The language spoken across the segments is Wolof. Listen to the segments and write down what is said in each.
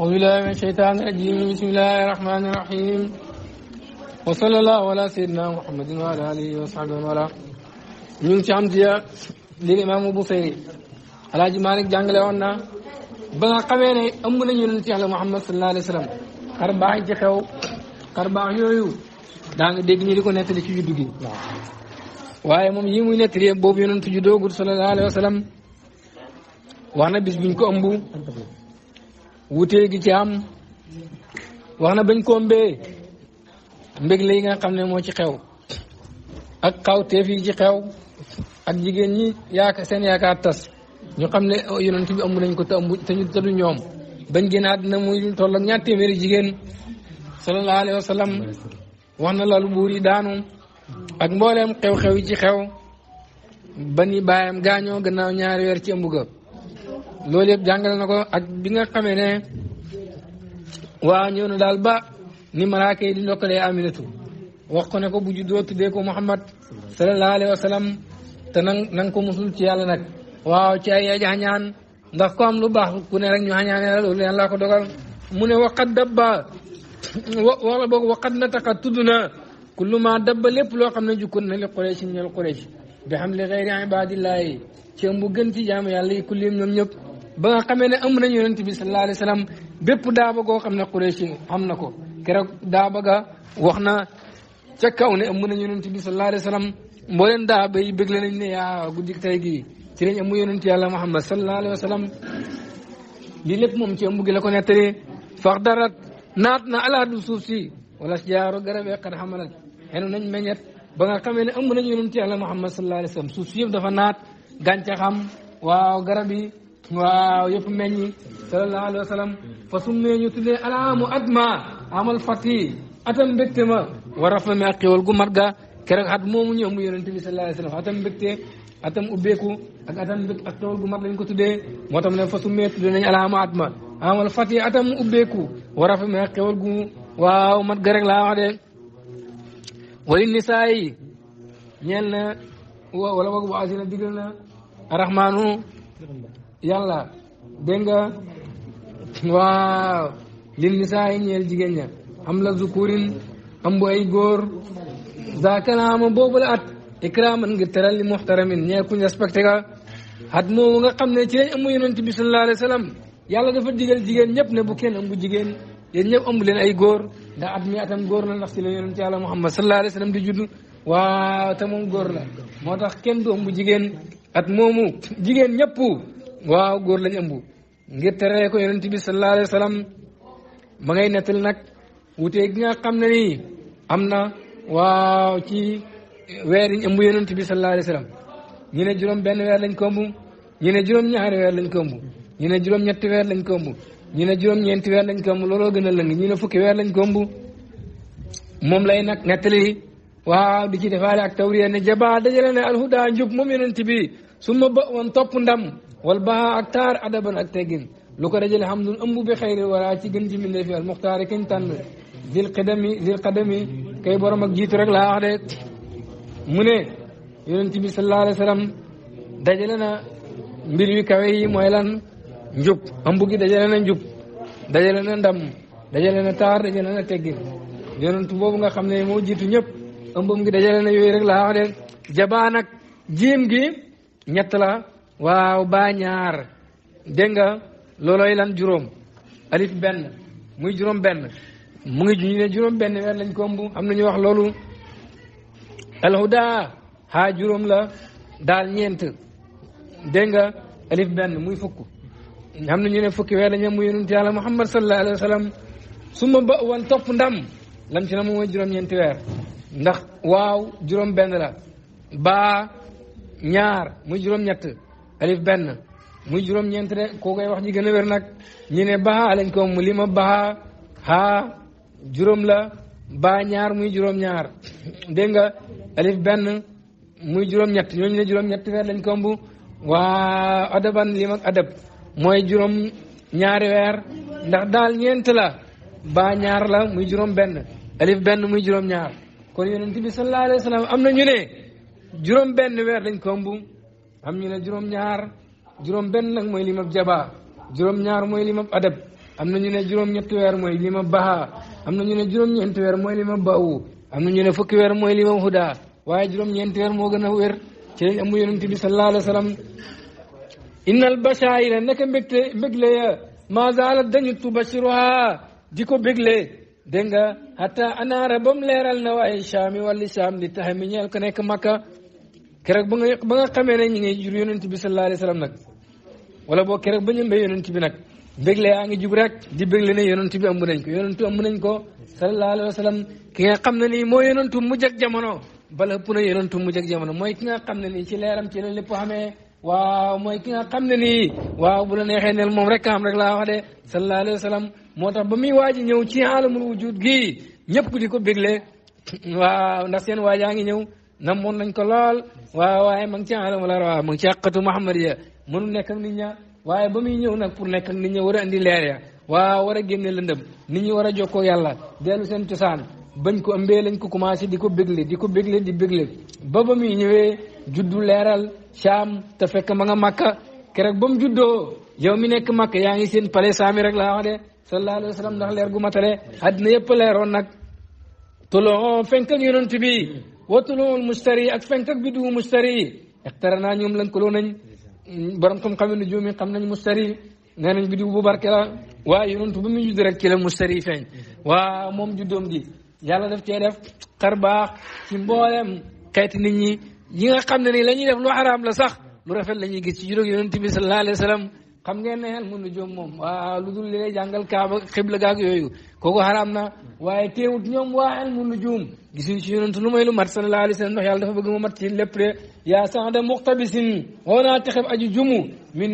أعوذ بالله من الشيطان الرجيم بسم الله الرحمن الرحيم وصلى الله على سيدنا محمد وعلى آله وصحبه وعلى ñu ngi ci am diya li imaamu Busayri Alaaji Maalik jàngale woon na ba nga xamee ne ëmb nañu yonent Yàlla Muhammad sallallahu alayhi wa sallam xar baax yi ci xew xar baax yooyu daa nga dégg ñu di ko nettali ci juddu gi waaw waaye moom yi muy nettali yëpp boobu yonent ju doogul sallallahu alayhi wa sallam wax na bis buñ ko ëmb wutee gi ci am wax na bañ koo mbee mbég la yi nga xam ne moo ci xew ak xawteef yi ci xew ak jigéen ñi yaaka seen yaakaar tas ñu xam ne oh, yonent bi ëmb nañ ko te ëmb te ñu tëddu ñoom bañ génn àddina muy toll ak ñaar jigéen sallallahu alayhi wa sallam wax na lalu buur yi daanu ak mbooleem xew-xew yi ci xew ba ni baayam gaañoo gannaaw ñaari weer ci ëmb ga loolu yëpp jàngale na ko ak bi nga xamee ne waa ñëw na daal ba ni malaaka yi di ndokkalee aminatu wax ko ne ko bu juddoo tuddee ko Muhammad sallallahu alayhi wa sallam te na nga ko musul ci yàlla nag waaw ci ay yaji xañaan ndax ko am lu baax ku ne rek ñu xañaanee la loolu yàlla ko dogal mu ne waqat dabba wala boog waqat na taxa tudd na kullu ma dabba lépp loo xam ne jukkoon na li Quraysh ñal Quraysh bi xam li xeyri ibadillahi ci ëmb ci jaamu yàlla yi kullim ñoom ba nga xamee ne am nañu yonent bi sallallahu alayhi wa sallam bépp daaba goo xam ne Quraysh am na ko keroog daaba ga wax na ca kaw ne am nañu yonent bi sallallahu alayhi wa sallam mbooleen daaba yi bëgg nañ ne yaa guddi tey gii ci lañ amu yonent yàlla Muhammad sallallahu alayhi wa sallam lii lépp moom ci ëmb gi la ko nettali fax darat naat na alaadu suuf si wala jaaru garabee xat xamalat xenu nañ meññet ba nga xamee ne ëmb nañu yonent yàlla Muhammad sallallahu alayhi wa sallam suuf si yëpp dafa naat gàncaxam waaw garab waaw yëpp meññi sallallahu alayhi wa fa summee ñu tuddee alaamu adma amal fati atam mbégte ma war af na ak xéwal gu mat ga keroog at moomu ñëw mu yonente bi sallallahu alayhi wa sallam atam gu mat lañ ko tuddee moo tax fa summee tuddee amal fati atam ubbeeku war af na ak xéwal gu waaw mat ga rek laa wax de wali nisaa yi na wala wagu bu asina digal na arrahmaanu yàlla dégg nga waaw lil nisaa yi jigéen ña am la zukurin am bu ay góor za kanaama boobu la at ikraaman ngir teral li muxtaramin ñee kuñ respecté ka at moomu nga xam ne ci lañ amu yonent bi sallallahu alayhi wa sallam yàlla dafa digal jigéen ñëpp ne bu kenn bu jigéen yéen ñëpp amu leen ay góor ndax at mi atam góor na ndax si la yonent yàlla muhammad sallallahu alayhi wa sallam di judd waaw te moom góor la moo tax kenn du am jigéen at moomu jigéen ñëpp waaw góor lañ ëmb ngir teree ko yonent bi sallallahu alayhi wa ma ngay nettali nag wutee gi nga xam ne nii am na waaw ci weer yiñ ëmb yonent bi sallallahu alayhi wa sallam ñu ne juróom benn weer lañ ko ëmb ñu ne juróom weer lañ ko ëmb ñu ne juróom ñetti weer lañ ko ëmb ñu ne juróom ñeenti weer lañ ko looloo gën a lëng ñu fukki weer lañ ko ëmb moom lay nag nettali waaw di ci defaale ak tawriya ne jabaa dajale ne alhuda njub moom yonent bi su ba woon topp ndam wal baa ak taar adaban ak teggin lu ko dajale hamdun ëmb bi xayri wala ci gën ci mbindee fi al muxtaari kañ tànn zil qadami zil qadami kay borom ak jiitu rek laa wax de mu ne yonent bi sallallahu alayhi wa dajale na mbir yu kawe yi mooy lan njub ëmb gi dajale na njub dajale na ndam dajale na taar dajale na teggin yonent boobu nga xam ne moo jiitu ñëpp ëmbam gi dajale na yooyu rek la wax de jabaa nag jiim gi ñett la waaw baa ñaar dégg nga loolooy lan juróom alif benn muy juróom benn mu ngi ñu juróom benn weer lañ ko ëmb am na ñu wax loolu alhuda haa juróom la daal ñeent dégg nga alif benn muy fukk am na ñu ne fukki weer lañ ëmb yonent yàlla muhammad sallallahu alayhi wa sallam suma ba wan topp ndam lam ci na moom mooy juróom-ñeenti weer ndax waaw juróom benn la baa ñaar muy juróom-ñett alif benn muy juróom-ñeent de ko koy wax ji gën a wér nag ñu ne baaxa lañ ko mu lima baaxa haa juróom la ba ñaar muy juróom-ñaar dégg nga alif benn muy juróom-ñett ñooñu ne juróom-ñetti weer lañ ko waa adaban lim adab mooy juróom ñaari weer ndax daal ñeent la baa ñaar la muy juróom benn alif benn muy juróom ñaar kon yonent bi sallallahu alayhi wa sallam am na ñu ne juróom benn weer lañ ko am ñu ne juróom-ñaar juróom-benn nag mooy limab jaba juróom-ñaar mooy limab adab am na ñu ne juróom-ñetti weer mooy limab baha am na ñu ne juróom-ñeenti weer mooy limab bawu am na ñu ne fukki weer mooy limab huda waaye juróom-ñeenti weer moo gën a wér ci lañ amu yonent bi sallallahu alayhi wa sallam innal bashaayira naka mbégte mbégle ya mazaala dañu tubashiruha di ko bégle dégg nga hatta anaara ba mu leeral na waaye chaami wàlli chaam li taxe mi ñeel ko nekk makka kerek ba nga ba nga xamee ne ñi ngay jur yonent bi sallallahu alayhi wa sallam nag wala boo keroog ba ñëmbee yonent bi nag bégle yaa ngi jug rek di bégle na yonent bi ëmb nañ ko yonentu ëmb nañ ko sallallahu alayhi wa sallam ki nga xam ne nii moo yonentu mujj ak jamono bala ëpp na yonentu mu ak jamono mooy ki nga xam ne nii ci leeram ci la lépp xamee waaw mooy ki nga xam ne nii waaw bu la neexee neel moom rek am rek laa wax de sallallahu alayhi wa moo tax ba muy waaj a ñëw ci alamul wujud gii ñëpp di ko bégle waaw ndax seen waajaa ngi ñëw namoon nañ ko lool waaw waaye ma ngi ci alam wala waaw ma ngi ci àqatu Muhammad ya mënu nekk ak nit ña waaye ba muy ñëw nag pour nekk ak nit ña war a indi leer ya waaw war a génne lëndëm nit ñi war a jokkoo yàlla dellu seen cosaan bañ ko ëmbee lañ ko commencé di ko bégle di ko bégle di bégle ba ba muy ñëwee juddu leeral saam te fekk ma nga màkka keroog ba mu juddoo yow mi nekk màkk yaa ngi seen palais saami rek laa wax de sallallahu alayhi wa leer gu matale àddina yëpp leeroon nag وتلو المستري اتفنك بدو مستري اقترنا نيوم لن كلو نني برام كوم خامي نجوم خامنا مستري نانا بدو بو بارك لا وا يونت بو ميو ديرك كلا مستري فين وا موم جودوم دي يالا داف تي داف خرباخ سي مبولم كايت نيت ني ييغا خامني لا ني داف لو حرام لا صاح لو رافل لا ني غيس جيروك يونت بي صلى الله عليه وسلم xam ngeen ne xel mun na joom moom waaw lu dul li lay jàngal kaaba xibla gaag yooyu kooku xaraam na waaye teewut ñoom waa xel mun na joom gisuñ ci yonent lu may lu mat sallallahu alayhi wa sallam dafa bëgg mu mat ci lépp de yaa saxda muqtabisin woo naa texeb aju jumu min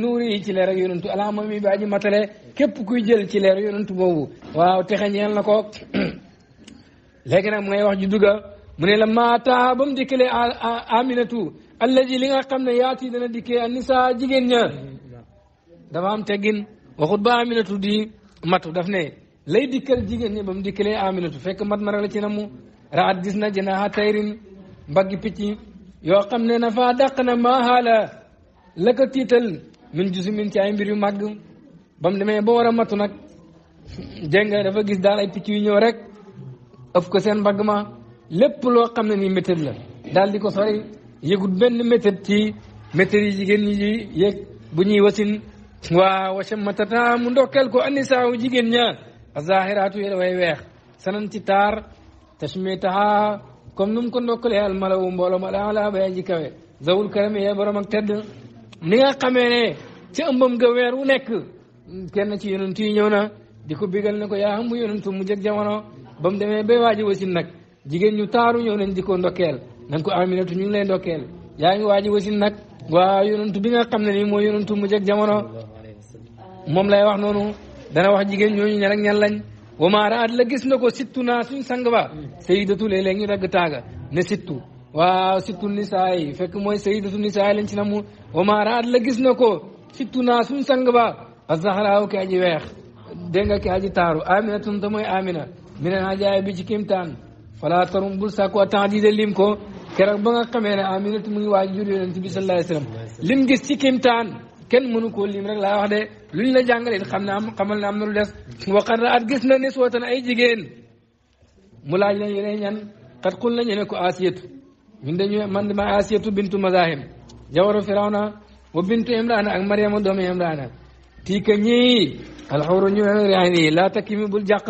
képp kuy jël ci leer yonentu boobu waaw texe ñeel na ko léegi nag mu ngay wax ju duga mu ne la maataa ba mu dikkalee aminatu allaji li nga xam ne yaati dana dikkee annisaa jigéen ña dafa am teggin waxut ba aminatu di matu daf ne lay dikkal jigéen ñi ba mu dikkalee aminatu fekk mat ma la ci na mu raat gis na janaaha tayrin mbaggi picc yoo xam ne na faa dàq na maa xaala la ko tiital min gisu min ci ay mbir yu màgg ba mu demee ba war a matu nag dégg nga dafa gis daal ay picc yu ñëw rek ëf ko seen mbagg ma lépp loo xam ne nii méthode la daal di ko sori yëgut benn méthode ci méthode yi jigéen ñi yëg bu ñuy wasin waaw wacam matata mu ndokkeel ko annisaawu jigéen ña azahiraatu yéla way weex sanan ci taar tasmitaha comme nu mu ko ndokkalee al malawu mbooloo ma daa laa bay aji kawe zawul karami yee borom tedd ni nga xamee ne ca ëmbam ga weer wu nekk kenn ci yonent yi ñëw na di ko bigal na ko yaa xam mu yonentu mu jëg jamono bam mu demee bay waaji wasin nag jigéen ñu taaru ñëw nañ di ko ndokkeel nan ko aminatu ñu ngi lay ndokkeel yaa ngi waaji wasin nag waaw yonantu bi nga xam ne nii mooy yonantu mu jeg jamono moom lay wax noonu dana wax jigéen ñooñu ñan ak ñan lañ wa maa raat la gis na ko sittu naa suñ sang ba sayidatu léeg-léeg ñu dagg taaga ne sittu waaw sittu nisaa yi fekk mooy sayidatu nisaa yi lañ ci namu wa maa raat la gis na ko sittu naa suñ sang ba azahraaw ki aji weex dégg nga ki aji taaru amina tun ta mooy amina mi ne naa jaay bi ci kimtaan fala tarum bul sàkku attan di de lim ko keroog ba nga xamee ne Aminatu mu ngi waaj jur yonent bi sallallahu alayhi wasallam lim gis ci kimtaan kenn mënu koo lim rek laa wax de luñ la jàngalee xam na am xamal na am na lu des waqat la gis na niswatan ay jigéen mu laaj leen yeneen ñan xat xul nañu ne ko asiyatu ñun dañu man ma asiyatu bintu mazahim jawaru firawna wa bintu imrana ak mariama doomi imrana tii ka ñii alxawru ñu imrani laa takimi bul jàq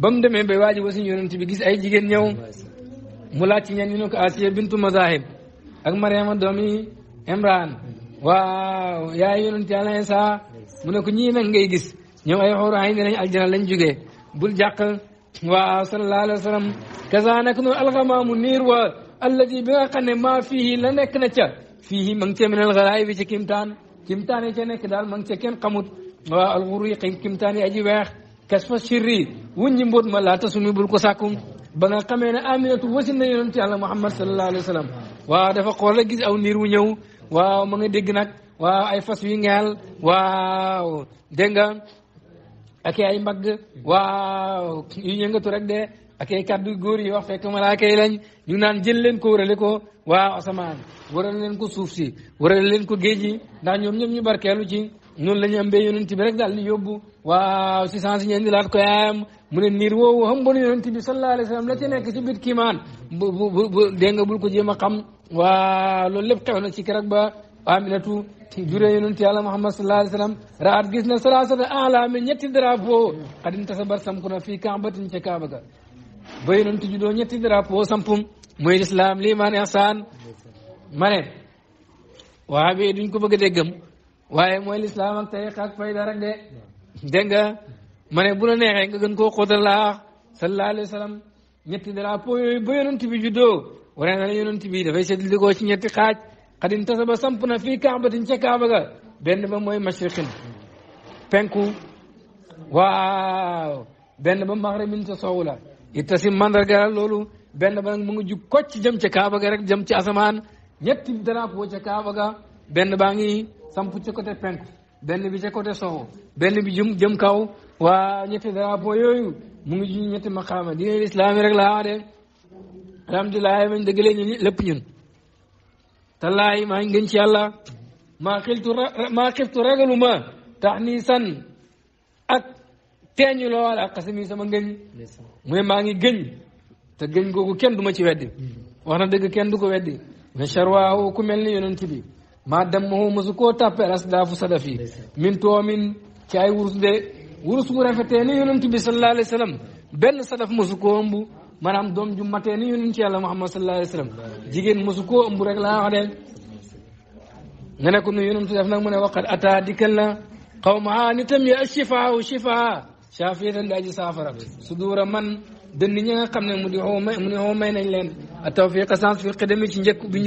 ba mu demee ba waaji wasi yonent bi gis ay jigéen ñëw mu laaj ci ñen ñu ne ko Asiya bintu Mazahib ak Mariama doomi Imran waaw yaay yonent Yàlla mu ne ko ñii nag ngay gis ñoom ay xóoru ay nañ aljana lañ jugee bul jàq waaw sallallahu alayhi wa sallam kasa nak noonu alxamaamu niir wa alladi bi nga xam ne maa fii la nekk na ca fii ma ngi cee minal xalaay bi ci kimtaan kimtaan yi ca nekk daal ma ngi ca kenn xamut waaw alxuru yi kimtaan yi aji weex kas fa sirri wuñ ñi mbóot ma laata sumi bul ko sàkkum ba nga xamee ne aminatu wasin na yonent yàlla muhammad sallallahu alayhi wa sallam waaw dafa xool rek gis aw niir wu ñëw waaw ma nga dégg nag waaw ay fas yu ngeel waaw dégg nga ak ay mbagg waaw yu yëngatu rek de ak ay kàddu góor yi wax fekk malaaka yi lañ ñu naan jël leen ko wërale ko waaw asamaan war leen ko suuf si war leen ko géej yi ndax ñoom ñu barkeelu ci noonu la ñu am bee yonent bi rek daal di yóbbu waaw si sens ñeen di laat ko yaayam mu ne niir woowu xam bon yonent bi sallallahu alayhi wa sallam la ca nekk ci biir kiimaan bu bu bu dégg nga bul ko jéem a xam waaw loolu lépp xew na ci keroog ba Aminatu ci jure yonent yàlla Muhammad sallallahu alayhi wa sallam raat gis na salaasata alaami ñetti drapeau xadin tasabar samku na fii kaabatin ca kaaba ga ba yonent ji doo ñetti drapeau sampum muy lislaam liimaan ihsaan ma waa bi duñ ko bëgg a déggam waaye mooy lislaam ak tariqa ak fayda rek de dégg nga ma ne bu la neexee nga gën koo xóotal laa sallallahu alayhi wa sallam ñetti drapeau yooyu ba yonent bi juddoo waree na la yonent bi dafay seetlu ko ci ñetti xaaj xadin tasa ba samp na fii kaabatin ca kaaba ga benn ba mooy mashriqin penku waaw benn ba maghribin sa sowu la ittasi mandarga loolu benn ba nag mu ngi jug kocc jëm ca kaaba ga rek jëm ci asamaan ñetti drapeau ca kaaba ga benn baa ngi samp ci côté penku benn bi ca côté sowu benn bi jëm jëm kaw waa ñetti drapeau yooyu mu ngi juñ ñetti maqaama diine lislaam yi rek laa wax de alhamdulilah mañ dëggalee ñu lépp ñun tallaahi maa ngi gën ci yàlla maa xiltu maa xiftu ma tax nii san ak teeñu lool ak xasami sama ngëñ mu ne maa ngi gëñ te gëñ googu kenn du ma ci weddi mm-hmm. wax na dëgg kenn du ko weddi mais charwaaw ku mel ni yonent bi ما دم هو مسكو تاب راس دافو سلفي من تو من كاي ورس دي ورس مرافتيني يونتو بي صلى الله عليه وسلم بن سلف مسكو امبو مانام دوم جوماتيني يونتو يالله محمد صلى الله عليه وسلم جيجين مسكو امبو رك لا خدي نانكو نيو يونتو داف من وقت اتا ديكلا قوم عانتم يا الشفاء وشفاء شافي دا جي سافر صدور من دن ني nga xamne mu di homay mu ni homay nañ len atawfiq sans fi qadami ci ñeeku bi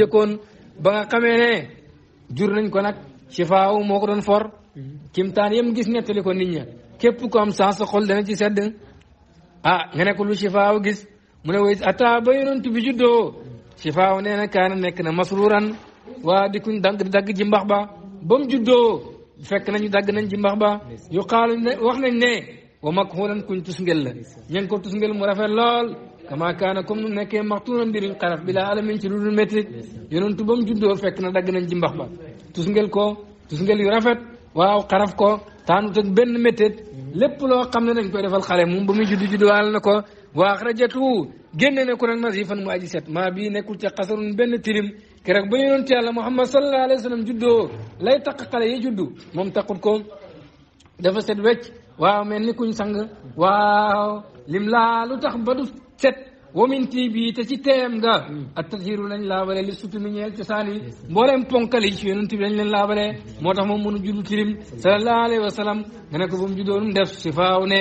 jur nañ ko nag shifaaw moo ko doon for mhm. kimtaan yem gis nettali ko nit ña képp ko am sans xol dana ci sedd ah nga ne ko lu shifaaw gis mu ne way atta ba ti bi juddoo shifaaw ne na kaana nekk na masruuran waa di kuñ dagg dagg ji mbax ba ba mu juddoo fekk nañu dagg nañ ji mbax ba yu xaalu wax nañ ne wa makhuulan kuñ tusngel la ña ko tusngel mu rafet lool كما كان كم نكيم مطونا بيرن قرف بلا عالم من شرور المترك ينون تبم جدو فكنا دقنا الجنبخ با تسنجل كو تسنجل يرفت واو قرف كو تانو تك بن متت لب لو قمنا نكو رفال خالي مون بمي جدو جدو عالم نكو واخر جاتو جنن نكو رنما زيفا مواجسات ما بي نكو تي قصر بن تيرم كرك بيون تي الله محمد صلى الله عليه وسلم جدو لا يتقق لي جدو مم تقول كو دفست وچ واو من نكو نسنج واو لم لا لتخبدو set wamin tii bii te ci teem nga ak tasiru lañ laabale li sutu mi ñeel cosaan yi mbooleem ponkal yi ci yonent bi lañ leen laabalee moo tax moom mënu juddu tilim sallallahu alayhi wa sallam nga ne ko ba mu juddoonum def si faaw ne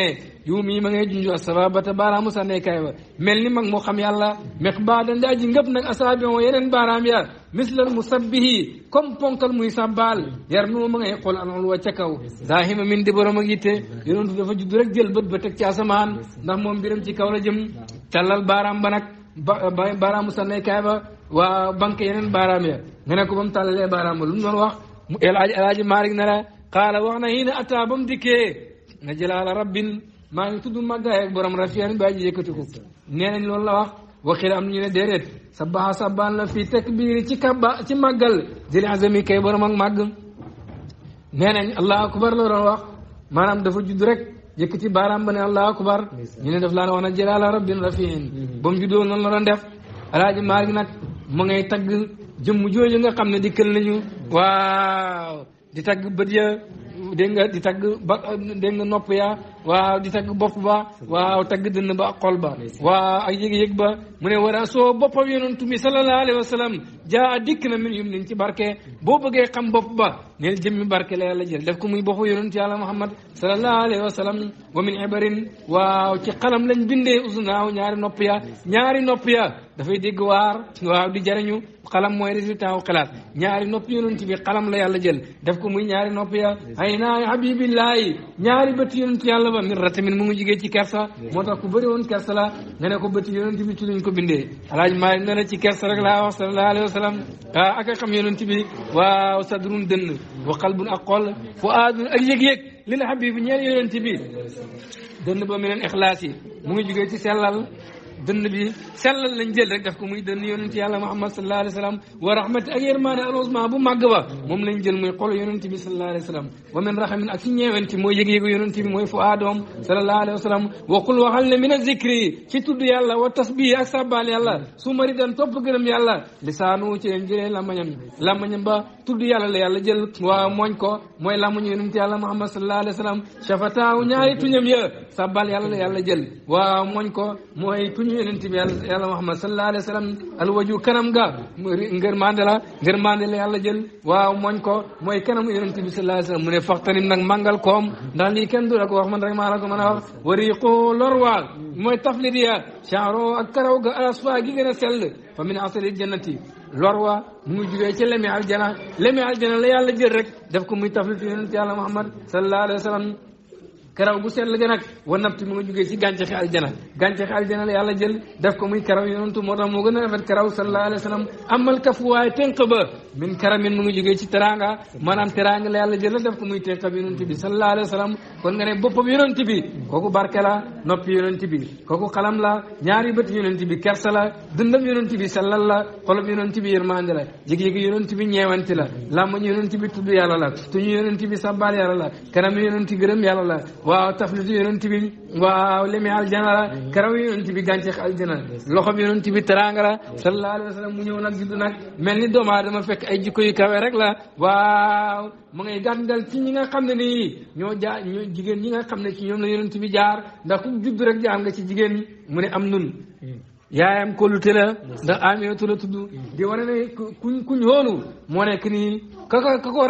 yu mii ma ngay junju asababata baaraamu sànneekaay ba mel ni mag moo xam yàlla meq ba dandaa ji ngëpp nag asaabion wa yeneen baaraam ya mislal musabbihi comme ponkal muy sàbbaal yar nu ma ngay xool anool wa ca kaw zahima min di borom ak yitte yonent dafa judd rek jël bët ba teg ci asamaan ndax moom mbiram ci kaw la jëm tallal baaraam ba nag ba baaraamu sànnee kaay ba waa banque yeneen baaraam ya nga ne ko ba mu tallalee baaraam ba lu mu wax mu El Hadj El Hadj Malick ne la xaala wax na hiina atta ba mu dikkee rabbin maa ngi tudd màggaay ak borom rafiyan ba ji yëkkati ko nee nañ loolu la wax waxi am ñu ne déedéet sabaxa sabbaan la fii takbiiri ci kabba ci màggal azami kay borom ak màgg nee nañ allah akbar la wax maanaam dafa judd yëkkati baaraam ba ne allahu akbar ñu ne daf laa ne woon a jëlaala rabbin rafiin mm-hmm. ba mu juddoo noonu la doon def alaaji maalik nag mu ngay tagg jëmm jooju nga xam ne dikkal nañu mm-hmm. waaw di tagg bët ya dégg nga di tagg ba dégg nga nopp yaa waaw di tagg bopp ba waaw tagg dënn ba ak xol ba waaw ak yëg-yëg ba mu ne wara soo boppam yonent mi sallallahu alayhi wa sallam a dikk na min yum nin ci barke boo bëggee xam bopp ba neel jëmmi barke la yàlla jël def ko muy boppu yonent yàlla muhammad sallallahu alayhi wa sallam wa min ibarin waaw ci xalam lañ bindee usunaaw ñaari nopp ya ñaari nopp ya dafay dégg waar waaw di jariñu قلم موي ريزلتان وخلاص نياري نوب يونتي بي قلم لا يالا جيل داف كو موي نياري نوب يا اينا يا حبيب الله نياري بت يونتي يالا با من رتمين مو جيجي تي كارسا موتا كو بري وون كارسا نانا كو بت يونتي بي تولين كو بيندي الحاج ما نانا تي كارسا رك لا صلى الله عليه وسلم اكا خم يونتي بي واو صدرون دن وقلب اقول فؤاد اك يك يك حبيب نياري يونتي بي دن با من الاخلاصي مو جيجي تي سلال dënn bi sellal lañ jël rek daf ko muy dënn yonent yàlla muhammad sallallahu alayhi wa sallam wa rahmat ak yërmaane arrosement bu màgg ba moom lañ jël muy xol yonent bi sallallahu alayhi wa sallam wa min rahamin ak si ñeewenti mooy yëg-yëgu bi mooy fu wa sallam waxal ne min a zikri ci tudd yàlla wa tasbih ak sàbbaal su mari dan topp gërëm yàlla ci leen jëlee lamañam lamañam ba tudd yàlla la yàlla jël mooy lamañu yonent yàlla muhammad sallallahu alayhi wa sallam shafataaw ñaari tuñam ya sàbbaal yàlla la yàlla jël ñu yonent bi yàlla yàlla Muhammad sallallahu alayhi wa sallam alwaju kanam ga ngër mande la ngër mande la yàlla jël waaw mooñ ko mooy kanamu yonent bi sallallahu alayhi wa sallam mu ne faxtanim nag màngal koom ndax lii kenn du la ko wax man rek maa la ko mën a wax wariqu lorwaal mooy taflidiya caaro ak karaw ga alaswa gi gën a sell fa min asali jannati lorwa mu ngi jugee ci lemi aljana lemi aljana la yàlla jël rek def ko muy taflit yonent yàlla Muhammad sallallahu alayhi wa sallam karaw bu sell ga nag wa nabti mu nga jógee si gàncaxi aljana gàncaxi aljana la yàlla jël def ko muy karaw yonantu moo tax moo gën a rafet karaw sallallahu alayhi wa amal kaf waaye tënk ba min mu nga jógee ci teranga maanaam teranga la yàlla jël la def ko muy tënk bi yonantu bi sallallahu alayhi wa sallam kon nga ne boppam yonantu bi kooku barke la noppi yonantu bi kooku xalam la ñaari bët yonantu bi kersa la dundam yonantu bi sellal la xolam yonantu bi yërmande la jigi-jigi yonantu bi ñeewanti la làmmañ yonantu bi tudd yàlla la tuñu yonantu bi sàbbaal yàlla la kanam yonantu gërëm yàlla waaw taflitu yonent bi waaw lemi aljana la mhm. karaw yonent bi gàncax aljana loxo bi yonent bi teraanga la mhm. sallallahu alayhi wa sallam mu ñëw nag juddu nag mel ni doomu aadama fekk ay jikko yu kawe rek la waaw ma ngay gàndal ci ñi nga xam ne nii ñoo jaar ñoo jigéen ñi nga xam ne ci ñoom la yonent bi jaar ndax ku judd rek jaar nga ci jigéen mu ne am nun mhm. yaayam kóllute la ndax Aminatu la tudd di wane ne kuñ kuñ hóolu moo nekk nii kaka kako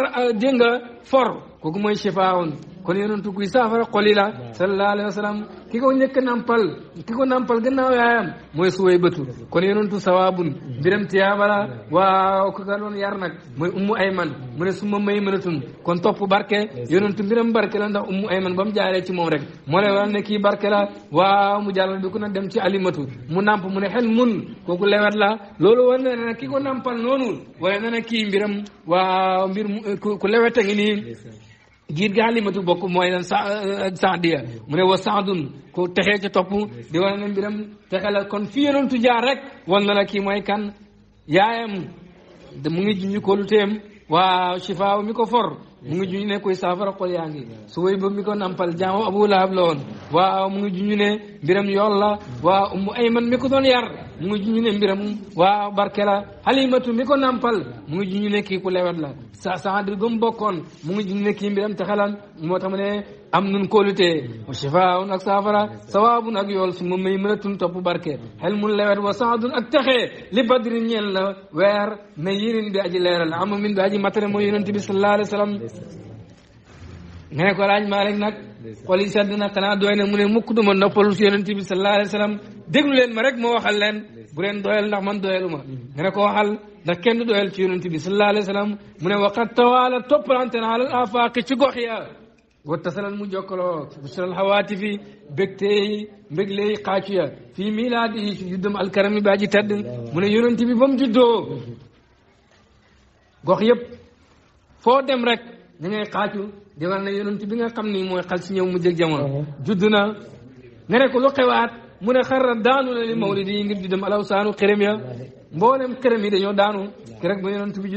dégg nga for kooku mooy chefaawoon kon yonentu kuy saafara xol yi la sallallahu alayhi wa sallam ki ko njëkk nampal ki ko nampal gannaaw yaayam mooy suway bëtu kon yonentu sawaabun mbiram tiyaabala waaw ku ka doon yar nag mooy ummu ayman mu ne suma may mënatum kon topp barke yonentu mbiram barke la ndax ummu ayman ba mu jaaree ci moom rek moo lay waral barke la waaw mu jàllal bi ku na dem ci alimatu mu namp mu ne xel mun kooku lewet la loolu war na ki ko nampal noonu kii mbiram waaw mbir ku lewet a ngi nii giir gi xalimatu bokk mooy sa euh, sandiya mu ne wa sandun ko texee ca topp di wane ne mbiram texe la kon fi yonantu jaar rek wan na la kii mooy kan yaayam mu ngi junj ko lu téem waaw shifaaw mi ko for mu ngi junj ne koy saafara xol yaa ngi su ba mi ko nampal jaamu abu lahab la woon waaw mu ngi junj ne mbiram yool la waaw ayman mi ko doon yar mu ngi juñu ne waaw barke la xalimatu mi ko nampal mu ngi juñu ne kii ku lewet la sa saxadir gëm bokkoon mu ngi juñu ne kii mbiram taxalan moo tax mu ne am nun kóolutee wa shifaun ak saafara sawaabun ak yool su ma may mënatun topp barke xel mun lewet wa saadun ak texee li badri ñeel na weer na yérin bi aji leeral ama min bi aji matare mo yonente bi sallallahu alayhi wa sallam ne ko laaj Malick nag xol yi sedd na xanaa doy na mu ne mukk duma noppalu si yonent bi sallallahu alayhi wa sallam déglu leen ma rek ma waxal leen bu leen doyal ndax man doyalu ma nga ne ko waxal ndax kenn du doyal ci yonent bi sallallahu alayhi wa sallam mu ne waqat tawaala toppalante na alal afaaqi ci gox ya wattasalal mu jokkaloo busural xawaatifi bégteey mbégleey xaacu ya fii milaadi yi ci juddam alkarami baa ji tedd mu ne yonent bi ba mu juddoo gox yëpp foo dem rek da ngay xaacu di na yonent bi nga xamni ni xal ci ñew mu jël jamono uh-huh. judd na ne ko lu xewat mu ne xarra daanu li mawlidi yi di dem alaw saanu xërëm ya mbolem yi dañu daanu rek bu yonent bi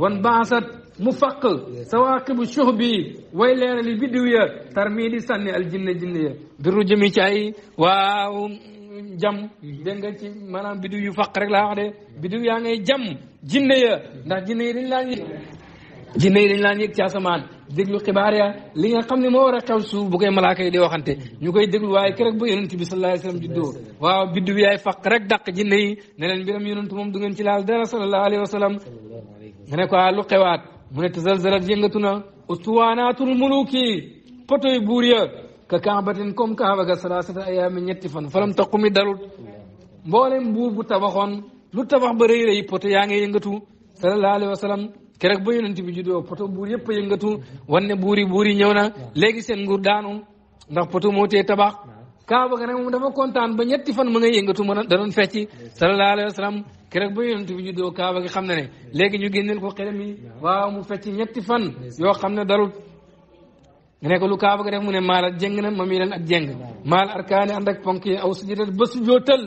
wan baasat mu faq sawaqibu shuhbi bi way leerali bidiw ya tarmidi sanni al jinne jinne ya duru jëmi ci ay waaw jam dégg nga ci manam bidiw yu faq rek la wax de bidiw ya ngay jam jinne ya ndax jinna yi dañ jinne yi dañ laan yëg ci asamaan déglu xibaar ya li nga xam ne moo war a xew suuf bu koy malaaka yi di waxante ñu koy déglu waaye keroog ba yonent bi sallallahu alayhi wasallam juddoo waaw biddu bi yaay faq rek dàq jinne yi ne leen mbiram yonent moom du ngeen ci laal dara sallallahu alayhi wasallam nga ne ko ah, lu xewaat mu ne tazalzalat yëngatu na ustuwaanaatul muluki potoy buur ya ka kaabatin comme kaaba ga salaasata ayaami ñetti fan falam taqumi dalut mboolem buur ba rëy rëy poto yaa ngi yëngatu sallallahu alayhi wasallam keroog ba yonent bi juddoo poto buur yëpp a yëngatu wan ne buur yi buur yi ñëw na léegi seen nguur daanu ndax poto moo tee tabax kaaba ga nag moom dafa kontaan ba ñetti fan mu ngay yëngatu mën a da doon fecci sallallahu alayhi wa sallam keroog ba ju bi juddoo kaaba gi xam ne ne léegi ñu génneel ko xelam yi waaw mu fecci ñetti fan yoo xam ne darut nga ne lu kaaba ga rek mu ne maal ak jëng na ma mii leen ak jëng maal arkaani ànd ponk yi aw sujudal ba sujootal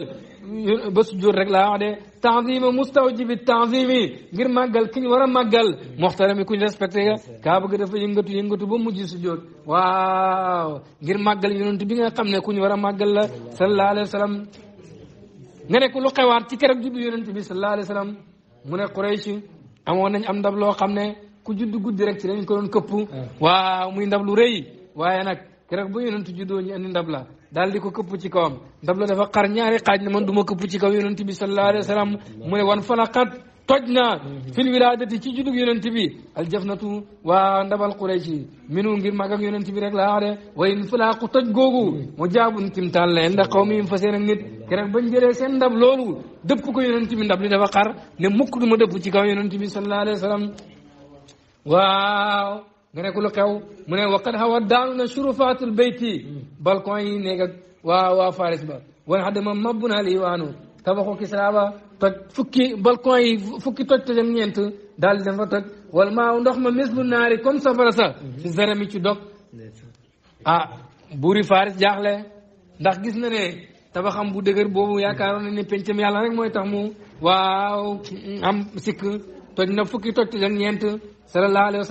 ba sujjóot rek laa wax de tanzima mustawjibi tanzimi ngir màggal ki ñu war a màggal moxtarami kuñ respect nga kaa bëgg dafa yëngatu yëngatu ba mujj sujjóot waaw ngir màggal yonent bi nga xam ne ku ñu war a màggal la sallallahu alayhi wa sallam nga ne ko lu xewaat ci keroog juddu yonent bi sallallahu alayhi wa sallam mu ne Quraysh amoon nañ am ndab loo xam ne ku judd guddi rek ci dañ ko doon ah. waaw muy ndab lu rëy waaye nag keroog bu yonent juddoo ñu andi ndab la daal di ko këpp ci kawam ndab la dafa xar ñaari xaaj ne man du ma këpp ci kaw yonent bi sallallahu alayhi wa sallam mu ne wan falaqat toj na fil wiladati ci judug yonent bi aljafnatu waa ndabal qurayshi minu ngir mag ak yonent bi rek laa de way in falaaqu toj googu mu jaabun timtaan la ndax xaw mi fa seen ak nit keroog bañ jëlee seen ndab loolu dëpp ko yonent bi ndab li dafa xar ne mukk du ma pu ci kaw yonent bi sallallahu alayhi wa sallam waaw nga ne ko lu xew mu ne waqad hawa daanu na surufaatul bayti mm. balcon yi nekk ak waa waa Faris ba wan xadama mabbu naa lii waanu tabaxu Kisra ba toj fukki balcon yi fukki toj tojam ñeent daal di dafa toj wala maa ndox ma mislu naari comme safara sa si mm-hmm. zarami ci dog ah buuri Faris jaaxle ndax gis na ne tabaxam bu dëgër boobu yaakaaroon na ne pencam yàlla rek mooy tax mu waaw am sikk toj na fukki toj tojam ñeent sallallahu alayhi wa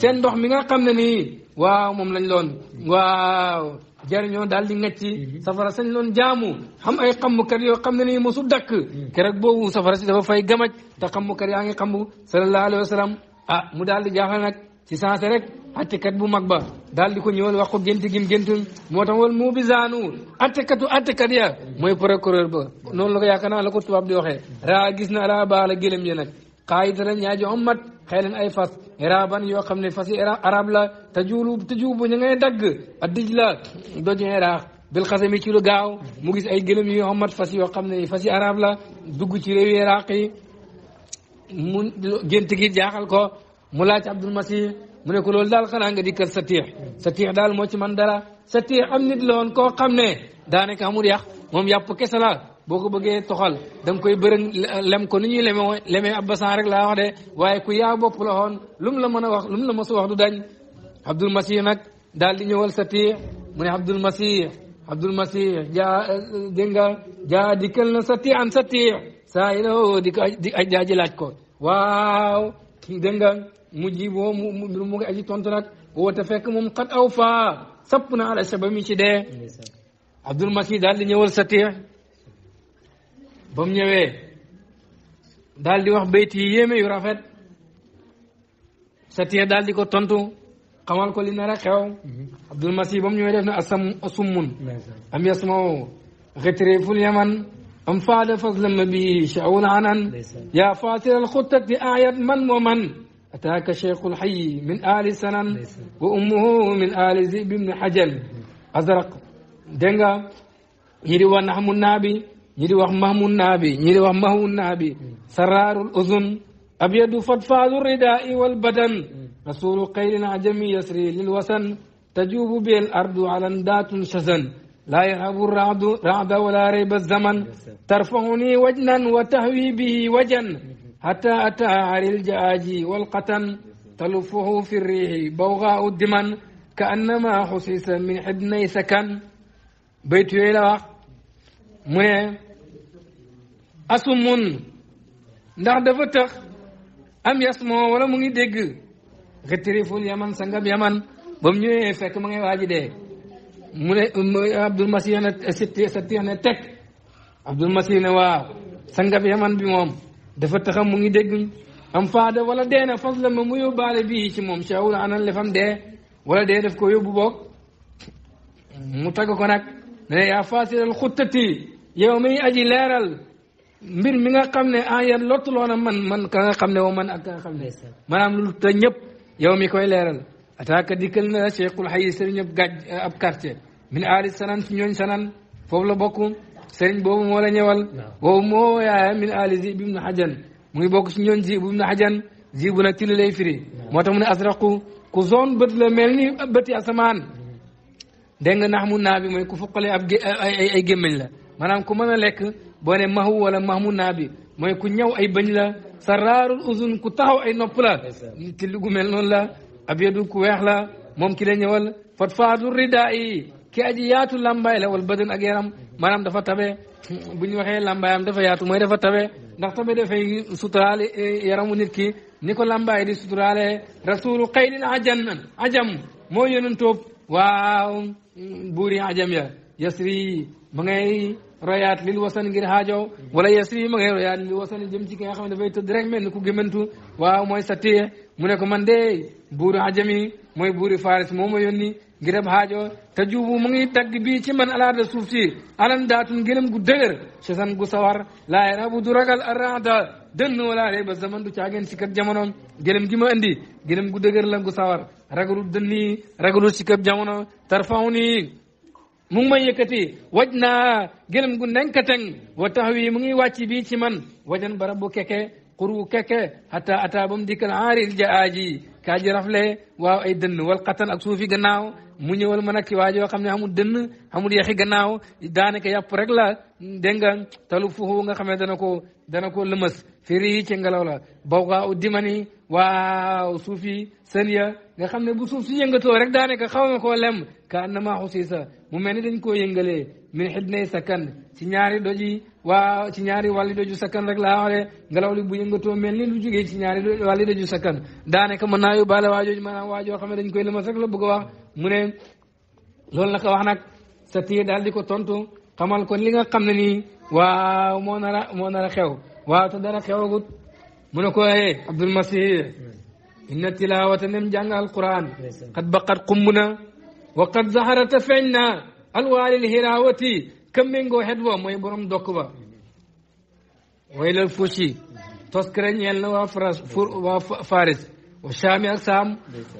seen ndox mi nga xam ne nii waaw moom lañ loon waaw jariñoo daal di ngecci mhm. safara sañ loon jaamu xam ay xam xamukat yoo xam ne nii mosu dakk mhm. keroog boobu safara si dafa fay gamaj te xamukat yaa ngi xamu sallallahu alayhi wa sallam ah mu daal di jaaxal nag si sensé rek attekat bu mag ba daal di ko ñëwal wax ko gént gim géntuñ moo tax wal mu bisaanu attekatu attekat ya mhm. mooy procureur ba noonu la ko yaakaar naa la ko tubaab di waxee raa gis na ala baala gélém ya xaay danañ ñaaji ommat xeelen ay fas iraban yoo xam ne fas yi arab la tajuulu tajuubu ña ngay dagg a dij la doji iraq bil xasami ci lu gaaw mu gis ay gëlëm yu ommat fas yoo xam ne fas yi arab la dugg ci réewi iraq yi mu gént gi jaaxal ko mu laaj abdul masih mu ne ko loolu daal xanaa nga dikkal sa tiix sa tiix daal moo ci man dara sa tiix am nit la woon koo xam ne daanaka amul yàq moom yàpp kese la boo ko bëggee toxal dang koy bërëng lem ko ni ñuy lemoo lemee ab basan rek laa wax de waaye ku yaa bopp la xoon lu mu la mën a wax lu mu la mos a wax du dañ abdul masih nag daal di ñëwal sa tiix mu ne abdul masih abdul masih jaa dégg nga jaa dikkal na sa tiix an sa tiix saa iloo di ko jaaji laaj ko waaw dégg nga mu ji boo mu mu mu ngi aji tontu woo te fekk mu xat aw faa sapp na ala shabami ci dee abdul masih daal di ñëwal sa tiix بام نيوي دال بيتي ييمه يو رافيت ساتيا دال دي كو تونتو خمال كو لي نرا عبد المسيح بام نيوي اسم اسمون ام يسمو غتري فول يمن ام فاد فضل مبي شعون عنن يا فاتر الخطه دي من ومن اتاك شيخ الحي من ال سنن وامه من ال ذئب بن حجل ازرق دنگا يري ونحم النبي ñi di wax mahmu naabi ñi di wax mahwu naabi saraarul uzun abyadu fadfaadu ridaai wal badan rasulu xaylin ajami yasri lil wasan tajubu bil ardu alan daatun shazan لا يهب الرعد رعد ولا ريب الزمن ترفعني وجنا وتهوي به وجن حتى أتى عري الجآجي والقتن تلفه في الريح بوغاء الدمن كأنما حسيس من حدني سكن بيت يلوح mu ne asumun ndax dafa tax am yas moo wala mu ngi dégg xëttiriful yaman sangam yaman ba mu ñëwee fekk ma ngay waaji dee mu ne um, abdul masih ne sitti satti ne teg abdul masih ne waaw sangam yaman bi moom dafa taxam mu ngi dégg am faada wala dee na fas la ma mu yóbbaale bii ci moom cawul anan lefam dee wala dee daf ko yóbbu boog mu tagg ko nag ne yaa fasilal xuttati yow miy aji leeral mbir mi nga xam ne ah yan lottuloona man man ka nga xam ne woo man ak ka nga xam ne maanaam lu te ñëpp yow mi koy leeral ataaka dikkal na cheikhul xayi sëriñ ab gàj ab quartier min aali sanan ci ñooñ sanan foofu la bokk sëriñ boobu moo la ñëwal boobu moo yaaya min aali zib ibnu xajan mu ngi bokk ci ñooñ zib ibnu xajan zibu nag ci li lay firi moo tax mu ne asraqu ku zone bët la mel ni bëti asamaan mm-hmm. dégg nga nax mu naa bi mooy ku fuqale ab ay ay gémmiñ la maanaam ku mën a lekk boo ne mahu wala mahmu naa bi mooy ku ñëw ay bañ la sa raarul uzun ku taxaw ay nopp la te lu gu mel noonu la abyadu ku weex la moom ki la ñëwal fat faatu rida yi ki aji yaatu làmbaay la wal badan ak yaram maanaam dafa tabe bu ñu waxee làmbaayam dafa yaatu mooy dafa tabe ndax tabe dafay suturaale eh, yaramu nit ki ni ko làmbaay di suturaale rasulu xaylil ajannan ajam moo yonentoob waaw mm, buuri ajam ya yasri ma royaat lil wasan ngir xaajoo wala yasri ma ngay royaat lil wasan jëm ci ki nga dafay tëdd rek mel ku gëmantu waaw mooy sa téye mu ne ko man de buuru ajami mooy buuri faris moo ma yónni ngir ab xaajoo te juubu mu ngi dagg bii ci man alaada suuf si alan daatun gëlëm gu dëgër ci san gu sawar laaye rabu du ragal arada dënn wala rey ba zaman du caageen si kab jamono gëlëm gi ma andi gëlëm gu dëgër la gu sawar ragalu dënn yi ragalu si kab jamono tarfaw mu ngi may yëkkati waj naa gëlëm gu nenkateng wa tax wi mu ngi wàcc bii ci man wajan barab bu keke xuru keke hatta ata ba mu dikkal enril ja aaji kaa rafle waaw ay dënn wal xatan ak suufi gannaaw mu ñëwal ma nag ki waa joo xam ne amul dënn amul yaxi gannaaw daanaka yàpp rek la dégg nga talu fuhu nga xam ne dana ko dana ko lëmas firi yi ci ngelaw la bawgaa u dimani waaw suuf yi sën ya nga xam ne bu suuf si yëngatoo rek daanaka xaw na koo lem ka annama xusiisa mu mel ni dañ koo yëngalee min xidnay sakkan ci ñaari doji waaw ci ñaari wàlli doju sakkan rek laa waxee ngelaw li bu yëngatoo mel ni lu jógee ci ñaari wàlli doju sakkan daanaka mën naa yóbbaale waajooju maanaam xam ne dañ koy lëmas rek la bëgg a wax mune ne la ko wax nak sa daal dal diko tontu xamal ko li nga xamné ni waaw mo nar mo moo xew waaw ta dara xewagut mu ne ko ay Abdul Masih inna tilawata nim jàng al qur'an qad baqat qumna wa qad zaharat zaharata al wal al hirawati ka méngoo xet wa mooy borom dokk ba waylal fuusi tos kërë ñeel na waa Faris wa saami ak saam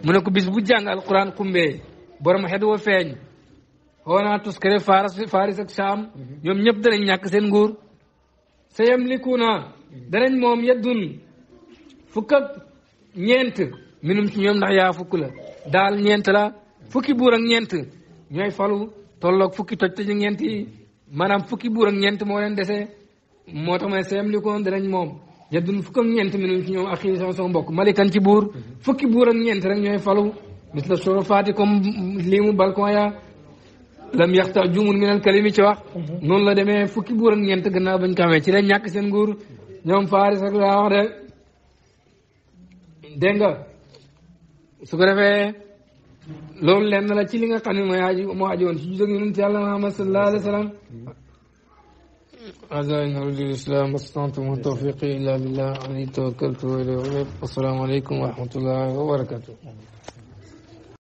mu ne ko bis bu jàng alquran kumbee borom xet wa feeñ xoonaa tuskare faras faris ak saam ñoom ñëpp danañ ñàkk seen nguur sa yamlikuuna danañ moom yeddun fukk ak ñeent minum ci ñoom ndax yaa fukk la daal ñeent la fukki buur ñeent ñooy falu tolloog fukki toj te ñeent yi fukki buur ñeent moo leen dese moo tax ma ne sa yamlikuuna danañ moom yeddun fukk ak ñeent minum ci ñoom ak xii sama sama mbokk malikan ci buur fukki buur ak ñeent rek ñooy falu mis la sorofaati comme liimu balcon ya lam yaxta jumul minal kalimi ci wax noonu la demee fukki buur ak ñeent gannaaw bañ ko amee ci la ñàkk seen nguur ñoom faaris rek laa wax de ko defee loolu lenn la ci li nga xam ne mooy aji moo aji woon ci judóg yonent yàlla Muhammad sallallahu alayhi wa sallam أعزائي نريد الإسلام واستطعت والتوفيق إلا بالله عليه توكلت وإليه والسلام عليكم ورحمة الله وبركاته